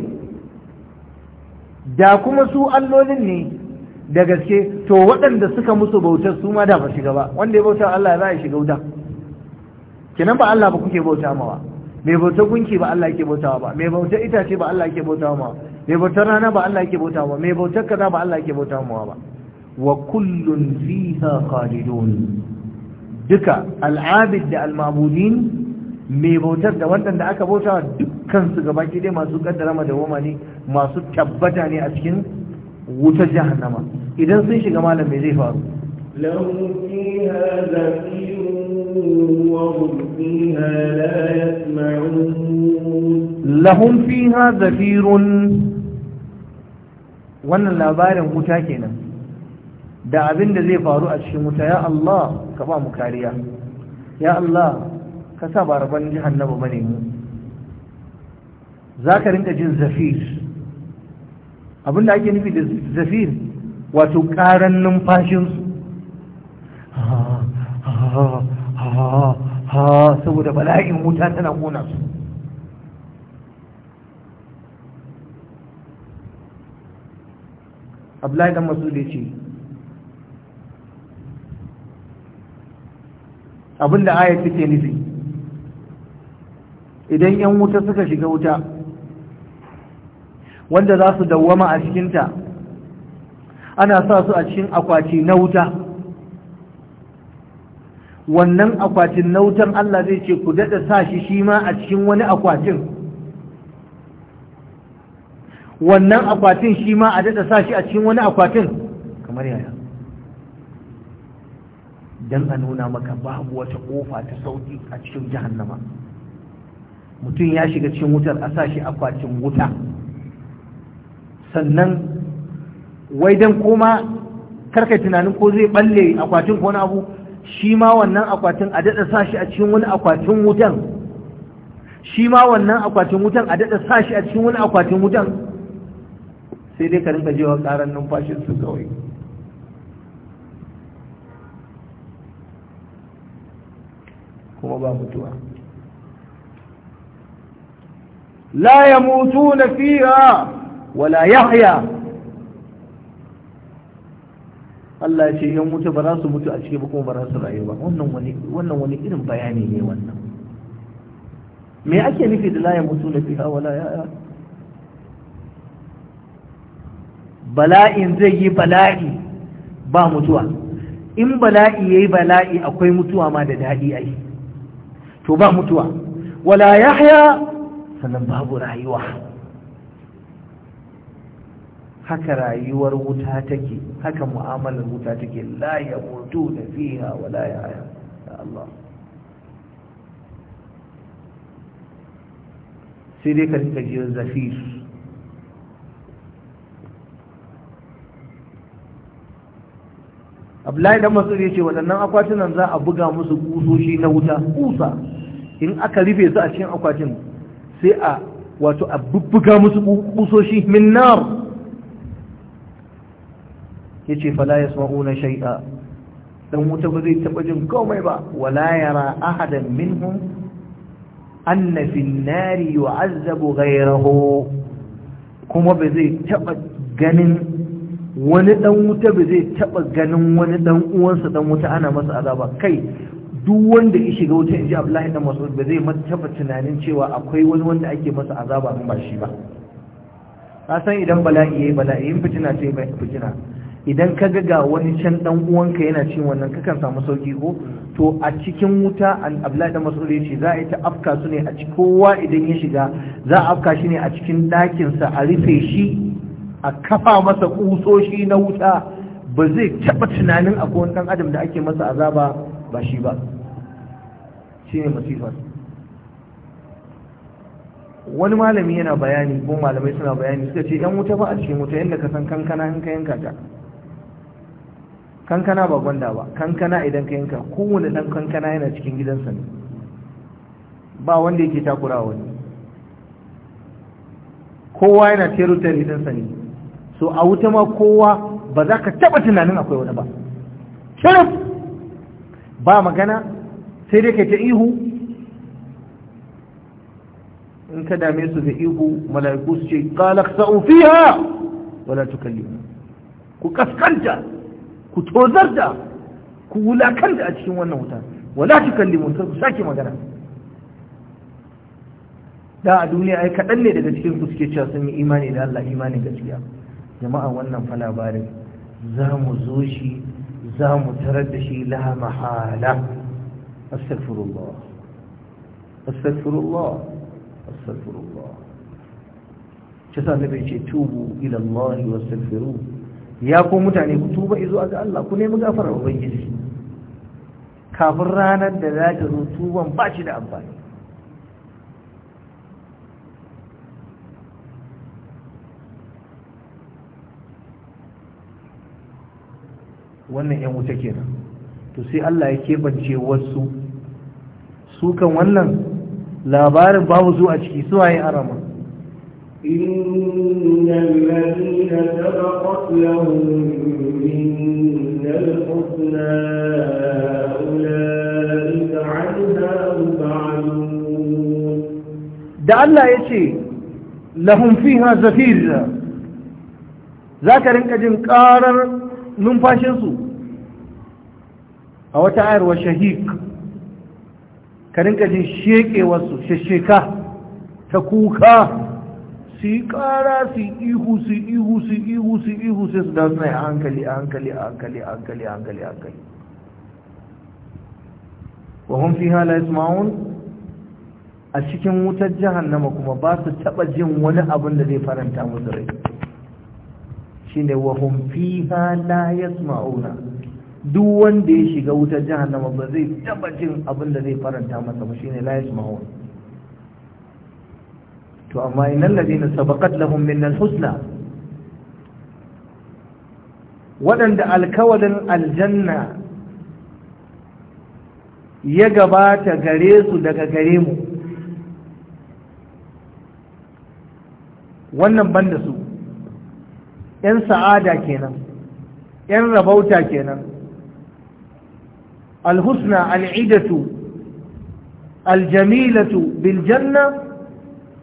[SPEAKER 1] da kuma su allolin ne da gaske to waɗanda suka musu bautar su ma da ba shiga ba wanda ya bauta Allah za ya shiga wuta kenan ba Allah ba kuke bauta mawa mai bautar gunki ba Allah ke bautawa ba mai bautar itace ba Allah ke bautawa ba? mai bautar rana ba Allah yake bauta ba mai bautar kaza ba Allah yake bauta mawa ba wa kullun fiha khalidun duka al'abid da al-mabudin mai bautar da waɗanda aka bauta dukkan su gabaki dai masu kaddara madawama ne masu tabbata ne a cikin wutar jahannama idan sun shiga malam me zai faru
[SPEAKER 2] lahum fiha zafirun wa hum fiha la yasma'un lahum
[SPEAKER 1] fiha wannan labarin wuta kenan da abin da zai faru a cikin wuta ya Allah ka ba mu kariya ya Allah ka sa ba rabon jihannaba bane mu za ka rinka jin zafir abin da ake nufi da zafir wato karan numfashinsu ha ha ha ha saboda bala'in wuta tana kona su abdullahi dan da ya ce abinda aya take nufi idan yan wuta suka shiga wuta wanda za su dawwama a cikinta ana sa su a cikin akwati na wuta wannan akwatin na wutan Allah zai ce ku daɗa sa shi shi ma a cikin wani akwatin wannan akwatin shi ma a daɗa sa shi a cikin wani akwatin kamar yaya don a nuna maka babu wata ƙofa ta sauƙi a cikin jahannama mutum ya shiga cikin wutar a sa shi akwatin wuta sannan wai don koma karka tunanin ko zai balle akwatin ko wani abu shi ma wannan akwatin a daɗa sa shi a cikin wani akwatin wutan shi ma wannan akwatin wutan a daɗa sa shi a cikin wani akwatin wutan sai dai ka rinka jewa karan numfashin su kawai kuma ba mutuwa la ya mutu na fiya wala yahya Allah ya ce yan mutu ba za su mutu a ciki ba kuma ba za su rayu ba wannan wani irin bayani ne wannan me ake nufi da la ya mutu na fiya wala yahya bala'in zai yi bala'i ba mutuwa in bala'i yayi bala'i akwai mutuwa ma da dadi ai to ba mutuwa wala yahya sannan babu rayuwa haka rayuwar wuta take haka mu'amalar wuta take la ya mutu da fiha wala ya Allah sai dai ka rika zafi abdullahi dan masud ce waɗannan akwatunan za a buga musu kusoshi na wuta kusa in aka rufe su a cikin akwatin sai a wato a bubbuga musu kusoshi min nar yace fala yasma'una shay'a dan wuta ba zai taba jin komai ba wala yara ahadan minhum anna fi an-nari yu'azzabu ghayruhu kuma ba zai taba ganin wani dan wuta ba zai taba ganin wani dan uwansa dan wuta ana masa azaba kai duk wanda ya shiga wuta inji Abdullahi dan Mas'ud ba zai taba tunanin cewa akwai wani wanda ake masa azaba ba shi ba ka san idan bala'i yayi bala'i in fitina sai mai fitina idan ka ga wani can dan uwanka yana cin wannan kakan samu sauki ko to a cikin wuta Abdullahi dan Mas'ud yace za a yi ta afka su ne a cikin kowa idan ya shiga za a afka shi ne a cikin dakin sa a rufe shi a kafa masa kusoshi na wuta ba zai taɓa tunanin akwai wani ɗan adam da ake masa azaba ba shi ba shi ne masifar wani malami yana bayani ko malamai suna bayani suka ce yan wuta ba a cikin wuta yadda ka san kankana in ka yanka ta kankana ba gwanda ba kankana idan ka yanka kowane ɗan kankana yana cikin gidansa ne ba wanda yake takura wani kowa yana territory ɗinsa ne so a wuta ma kowa ba za ka taɓa tunanin akwai wani ba shirin ba magana sai dai ka ta ihu in ka dame su da ihu mala'iku su ce kalak sa'ufiya wala tukallimu ku kaskanta ku da, ku wulakanta a cikin wannan wuta wala tukallimu sai ku sake magana da a duniya ai kaɗan ne daga cikin ku suke cewa sun yi imani da Allah imani gaskiya jama'a wannan fa labarin za mu zo shi za mu tarar da shi la mahala astaghfirullah astaghfirullah astaghfirullah ce sa nabi ce tubu ila Allah wa astaghfiru ya ku mutane ku tuba izo ga Allah ku nemi gafarar ubangiji kafin ranar da za ta zo tuban ba shi da amfani wannan yan wuta kenan to sai Allah ya kebance wasu su kan wannan labarin babu zuwa ciki su suwaye arama Da Allah ya ce, من الحسنى أولئك عنها مبعدون دع الله يشي لهم numfashinsu a wata ayarwa shahik ka rinka jin shekewarsu shesheka ta kuka su yi ƙara su ihu su ihu su ihu su ihu sai su dasu a hankali a hankali a hankali a hankali hankali hankali wa fi hala isma'un a cikin wutar jahannama kuma ba su taba jin wani abin da zai faranta musu rai shine wa hum fiha la yasma'una duk wanda ya shiga wutar jahannama ba zai taba jin abin da zai faranta masa ba shine la yasma'una to amma innal ladina sabaqat lahum min al-husna waɗanda alkawalin aljanna ya gabata gare su daga gare mu wannan banda su 'yan sa'ada kenan 'yan rabauta kenan alhusna al'idatu aljamilatu biljanna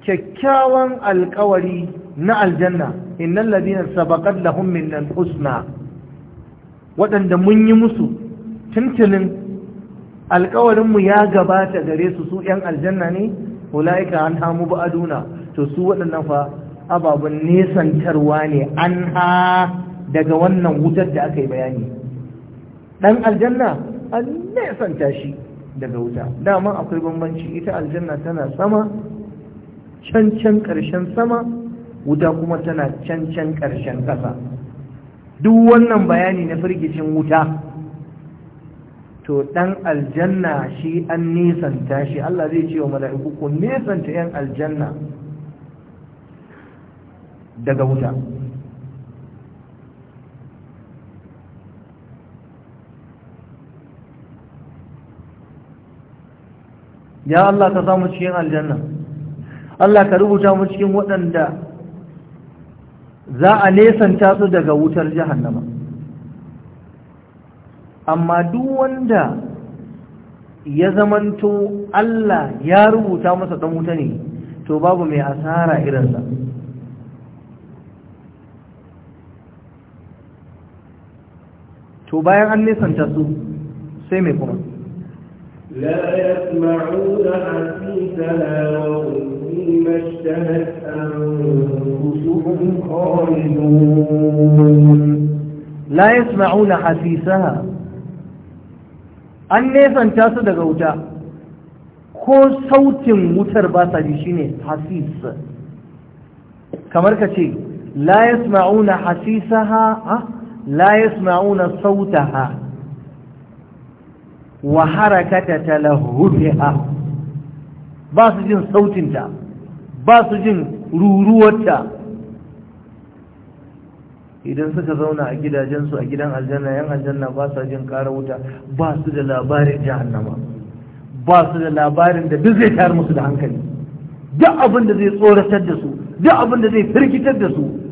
[SPEAKER 1] kyakkyawan alkawari na aljanna innan ladina sabakat lahum alhusna waɗanda mun yi musu tuntunin alkawarinmu ya gabata gare su su 'yan aljanna ne ula'ika an hamu ba'aduna to su waɗannan fa ababun nesantarwa ne an ha daga wannan wutar da aka yi bayani dan aljanna an nesanta shi daga wuta dama akwai bambanci ita aljanna tana sama cancan karshen ƙarshen sama wuta kuma tana cancan karshen ƙarshen ƙasa duk wannan bayani na firgicin wuta to dan aljanna shi an nesanta shi Allah zai ce wa mala'iku ku nesanta yan aljanna daga wuta ya Allah ka samu cikin aljanna Allah ka rubuta mu cikin waɗanda za a nesanta su daga wutar jahannama amma duk wanda ya zamanto Allah ya rubuta masa ɗan wuta ne to babu mai asara irinsa to bayan an nisanta su sai mai kuma la ya حسيسها وفيما اشتهت لا يسمعون حسيسها an nesanta su daga wuta ko sautin wutar ba sa ji shine hasis kamar ka ce la la يسمعون sautaha wa harakata talahufiha ba su jin sautinta ba su jin idan suka zauna a gidajensu a gidan aljanna yan aljanna ba su jin kara wuta ba su da labarin jahannama ba su da labarin da duk zai tayar musu da hankali duk abin da zai tsoratar da su duk abin da zai firgitar da su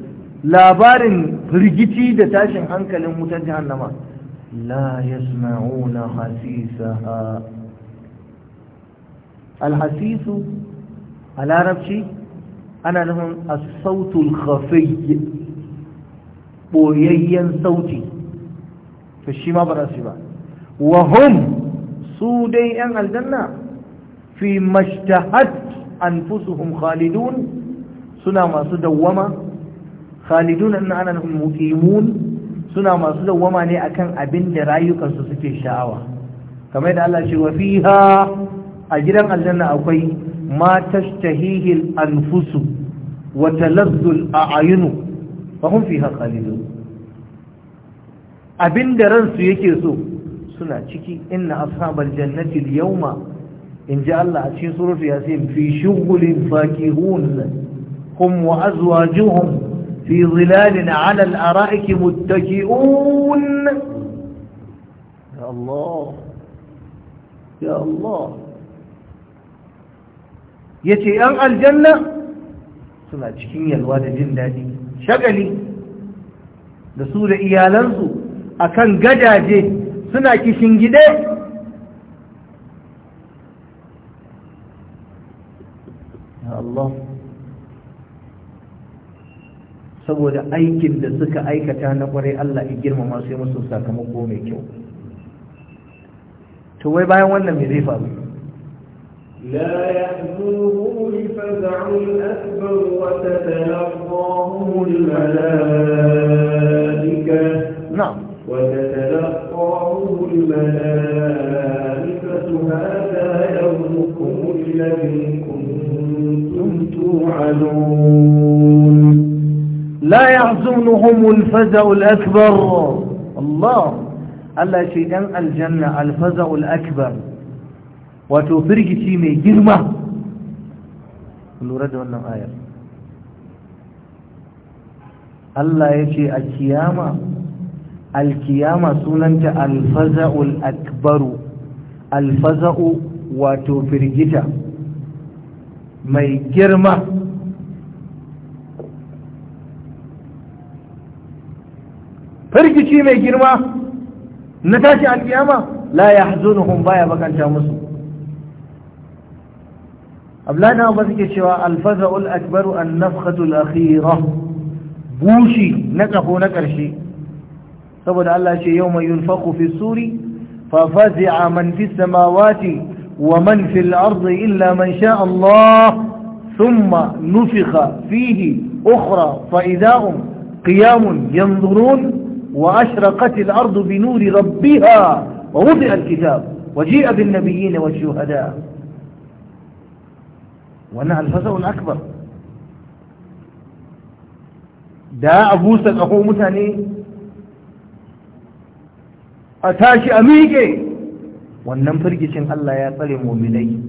[SPEAKER 1] labarin firgici da tashin hankalin wutar jahannama la yasma'una hasisaha alhasisu a larabci ana nufin asautul khafiyy boyayyen sauti to shi ma ba su ba wa su dai yan aljanna fi mashtahat anfusuhum khalidun suna masu dawwama khaliduna inna ana muqimun suna masu dawwama ne akan abin da rayukansu suke sha'awa kamar da Allah ce wa fiha a gidan aljanna akwai ma tashtahihi al-anfusu wa talazzu al-a'yunu fa hum fiha khalidun abin da ransu yake so suna ciki inna ashabal jannati al-yawma in ji Allah a cikin surutu yasin fi shughulin faqihun hum wa azwajuhum في ظلال على الأرائك متكئون
[SPEAKER 2] يا الله يا الله
[SPEAKER 1] yan aljanna suna cikin yalwa da jin daɗi shagali da su da iyalansu akan gadaje suna kishin gida. saboda aikin da suka aikata na kwarai Allah ya girmama sai musu sakamako mai kyau to wai bayan wannan me zai faru
[SPEAKER 2] la yahzuhu faz'ul akbar wa tatalaqahu al-malaa'ika na'am wa tatalaqahu al-malaa'ikatu hadha yawmukum alladhi kuntum tu'adun
[SPEAKER 1] la yahzunuhum al-faza'u al-akbar Allah Allah shi aljanna al-faza'u wato firgici mai girma lura da wannan ayar Allah yace a kiyama sunanta al-faza'u al wato firgita mai girma firgici mai girma na tashi alkiyama la yahzunuhum baya bakanta musu ablana ba suke cewa alfaza'ul akbaru an-nafkhatul akhirah bushi na kafo na karshe saboda Allah ce yawma yunfakhu fi suri fa fazi'a man fi samawati wa man fi al-ardi illa man sha'a Allah thumma nufikha fihi ukhra fa idahum qiyamun yanzurun وأشرقت الأرض بنور ربها ووضع الكتاب وجيء بالنبيين والشهداء وأنها الفزع الأكبر ده أبوسا أخو مثاني أتاشي أميكي وأنم فرجي شن الله يا طلي مؤمني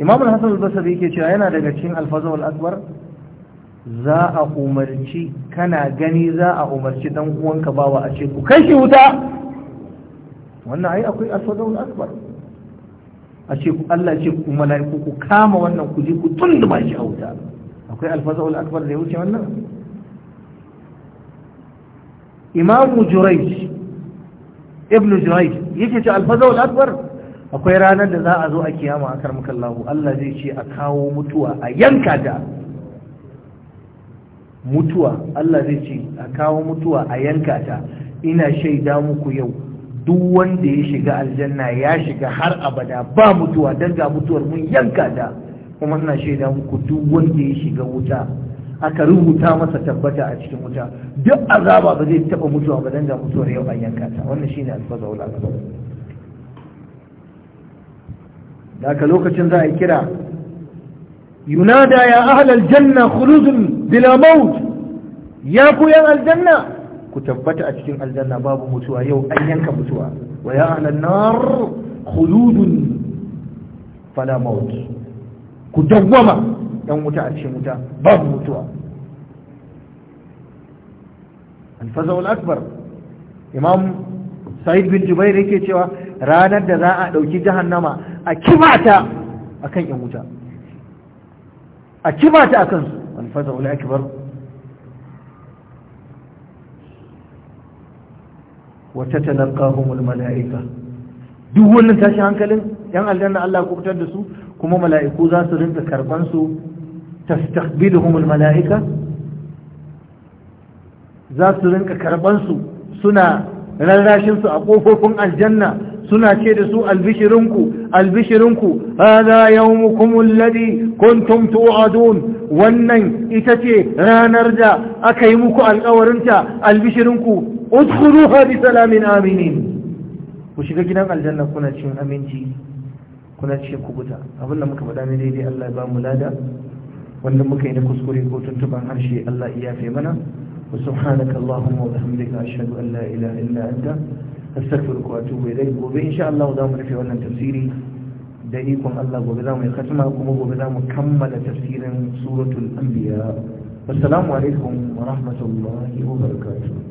[SPEAKER 1] إمام الحسن البصري كي شاينا شن الفزع الأكبر za a umarci kana gani za a umarci dan uwanka bawa a ce ku kai shi wuta wannan ai akwai asadun akbar a ce ku Allah ce ku mala'iku ku kama wannan ku je ku tunduma shi a wuta akwai alfazul akbar da ya wuce wannan imam jurayj ibn jurayj yake ce alfazul akbar akwai ranar da za a zo a kiyama a karmakallahu Allah zai ce a kawo mutuwa a yanka ta mutuwa Allah zai ce a kawo mutuwa a yanka ta ina shaida muku yau duk wanda ya shiga aljanna ya shiga har abada ba mutuwa don ga mutuwar mun yanka ta kuma ina shaida muku duk wanda ya shiga wuta aka rubuta masa tabbata a cikin wuta duk azaba ba zai taba mutuwa ba don ga mutuwar yau an yanka ta wannan shine alfazawul azab da ka lokacin za a kira ينادى يا أهل الجنة خلود بلا موت يا كويا الجنة كتبت أتكين الجنة باب متوى يو أينك متوى ويا أهل النار خلود فلا موت كدوما يوم متى أتكين متى باب متوى الفزع الأكبر إمام سعيد بن جبير يكي رانا دا ذا أدوكي جهنم أكبعتا أكن يموتا a kiba ta akan su wal faza'ul akbar wa tatalaqahumul mala'ika duk wannan tashin hankalin yan aljanna Allah kubutar da su kuma mala'iku za su rinka karban su tastaqbiluhumul mala'ika za su rinka karban su suna rarrashin su a kofofin aljanna suna ce da su albishirinku albishirinku hada yawmukum alladhi kuntum tu'adun wannan ita ce ranar da aka yi muku alƙawarinta albishirinku udkhuluha bi salamin aminin ku shiga gidan aljanna kuna cin aminci kuna ce kubuta abinda muka faɗa ne daidai Allah ya ba mu lada wanda muka yi na kuskure ko tuntuban harshe Allah ya yafe mana wa subhanaka allahumma wa bihamdika ashhadu an la ilaha illa anta astaghfiruka wa atubu ilayk gobe insha Allah za mu rufe wannan tafsiri da ikon Allah gobe za mu yi khatma kuma gobe za mu kammala tafsirin suratul anbiya assalamu alaikum wa rahmatullahi wa barakatuh